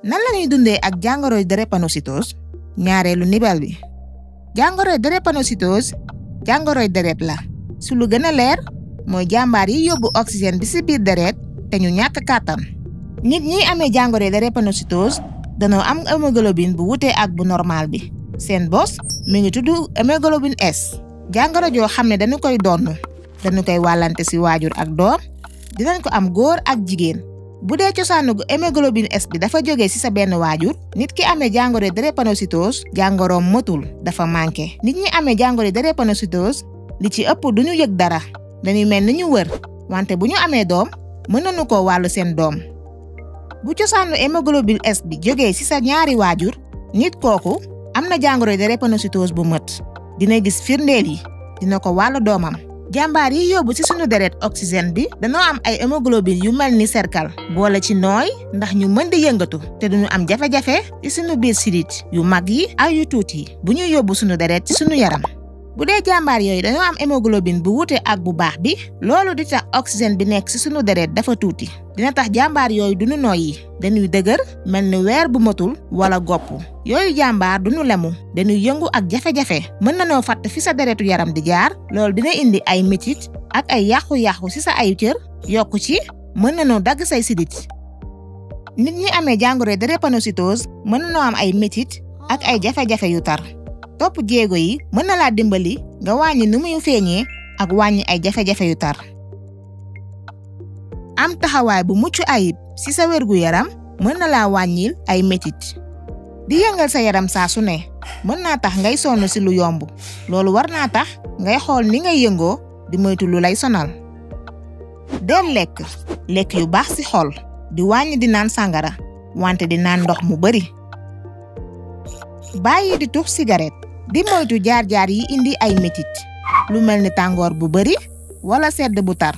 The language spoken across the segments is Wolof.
nan la dundee ak jàngoroy drépanocytose ñaareelu nibal bi jàngoroy jàngoro jàngoroy deret la su lu gën a leer mooy jàmbaar yi yóbbu oxygène bi ci biir deret te ñu ñàkk kàttan nit ñi amee jàngoro yi jàngoroy drépanocytose danoo am hémoglobine bu wutee ak bu normal bi seen bos mi ngi tudd hémoglobine S jàngoro joo xam ne dañu koy donn dañu koy wàllante si waajur ak doom dinañ ko am góor ak jigéen bu dee cosaanu gu hémoglobine es bi dafa jóge ci sa benn waajur nit ki amee jàngoro drépanocytose jàngoroom motul dafa manqué nit ñi amee jàngoro drépanocytose li ci ëpp du ñu yëg dara dañuy mel ni ñu wër wante bu ñu amee doom mën nañu ko wàllu seen doom bu cosaanu hémoglobine es bi jóge ci sa ñaari waajur nit kooku am na jàngoro drépanocytose bu mët dina gis firndeel yi dina ko wàllu doomam. jàmbaar yi yóbbu ci suñu deret oxygène bi danoo am ay hémoglobine yu mel ni cercle boole ci nooy ndax ñu mën di yëngatu te duñu am jafe-jafe ci suñu biir sidit yu mag yi ak yu tuuti bu ñuy yóbbu sunu deret ci suñu yaram bu dee jàmbaar yooyu dañoo am hémoglobine bu wute ak bu baax bi loolu di tax oxygène bi nekk ci sunu dereet dafa tuuti dina tax jàmbaar yooyu duñu noyyi dañuy dëgër mel ni weer bu matul wala gopp yooyu jàmbaar duñu lemu dañuy yëngu ak jafe-jafe mën nañoo fàtt fi sa deretu yaram di jaar loolu dina indi ay métit ak ay yàqu-yàqu ci sa ay cër yokku ci mën na noo dagg say sidit nit ñi amee jàngoro drépanocytose mën nañoo am ay metit ak ay jafe yu tar topp jéego yi mën na laa dimbali nga wàññi ni muy feeñee ak wàññi ay jafe-jafe yu tar. am taxawaay bu mucc ayib ci sa wérgu yaram mën na laa wàññil ay metit di yëngal sa yaram saa su ne mën naa tax ngay sonn si lu yomb loolu war naa tax ngay xool ni ngay yëngoo di moytu lu lay sonal. del lekk lekk yu baax ci xol di wàññi di naan sàngara wante di naan ndox mu bari. bàyyi di tux cigarette di moytu jaar-jaar yi indi ay metit lu mel ni tàngoor bu bari walla sedd bu tar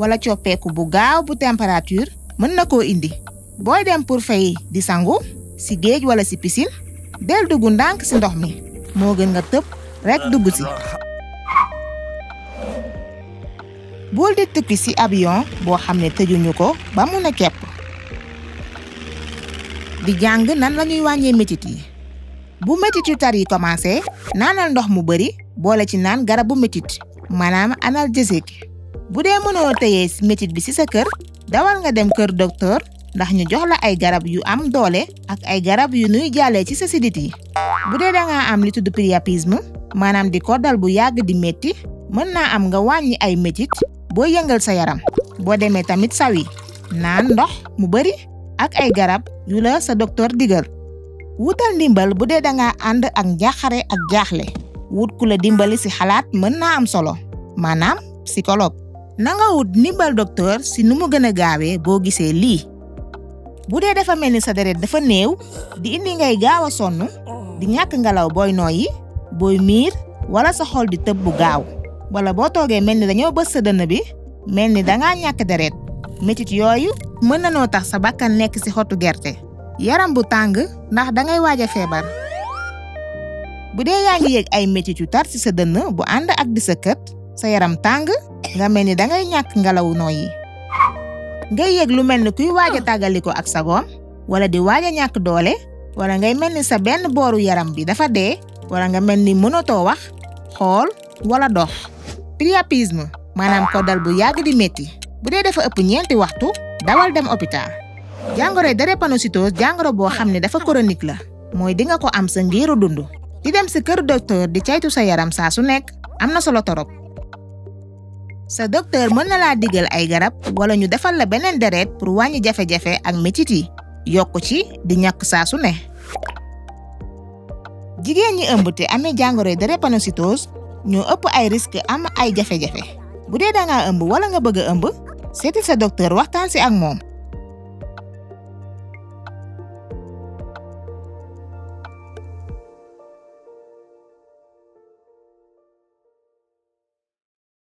wala coppeeku bu gaaw bu température mën na koo indi booy dem pour fay di sangu ci géej wala si piscine del dugg ndànk si ndox mi moo gën nga tëb rekk dugg si bul di tukki si avion boo xam ne tëjuñu ko ba mu ne kepp di jàng nan lañuy wàññee metit yi bu métitu tar yi commencé naanal ndox mu bëri boole ci naan garabu métit maanaam analgésique bu dee mënoo téye métit bi ci sa kër dawal nga dem kër docteur ndax ñu jox la ay garab yu am doole ak ay garab yu nuy jàllee ci sa sidit yi bu dee dangaa am li tudd priapisme maanaam di ko dal bu yàgg di métti mën naa am nga wàññi ay métit boo yëngal sa yaram boo demee tamit sawi naan ndox mu bëri ak ay garab yu la sa docteur digal wutal ndimbal bu dee dangaa ànd ak njaaxare ak jaaxle wut ku la dimbali si xalaat mën naa am solo maanaam psychologue na nga wut ndimbal docteur si nu mu gën a gaawee boo gisee lii bu dee dafa mel ni sa deret dafa néew di indi ngay gaaw a sonn di ñàkk ngelaw booy nooyi booy miir wala sa xol di tëb bu gaaw wala boo toogee mel ni dañoo ba sa dënn bi mel ni dangaa ñàkk deret métit yooyu mën na noo tax sa bakkan nekk si xottu gerte yaram bu tàng ndax dangay waaj a feebar bu dee yaa ngi yëg ay metit yu tar ci sa dënn bu ànd ak di sa kët sa yaram tàng nga mel ni dangay ñàkk ngelaw nooyi ngay yëg lu mel ni kuy waaj a tàggaliko ak sagoom wala di waaj a ñàkk doole wala ngay mel ni sa benn booru yaram bi dafa dee wala nga mel ni mënatoo wax xool wala dox priapisme maanaam ko dal bu yàgg di metti bu dee defa ëpp ñeenti waxtu dawal dem hôpital jàngoro jàngoroy drépanocytose jàngoro boo xam ne dafa chronique la mooy di nga ko am sa ngiiru dund di dem si kër docteur di caytu sa yaram saa su nekk am na solo torop sa docteur mën na laa digal ay garab wala ñu defal la beneen deret pour wàññi jafe-jafe ak métit yi yokku ci di ñàkk saa su ne. jigéen ñi ëmb te amee jàngoroy drépanocytose ñoo ëpp ay risque am ay jafe-jafe bu dee da ëmb wala nga bëgg a ëmb seeti sa docteur waxtaan si ak moom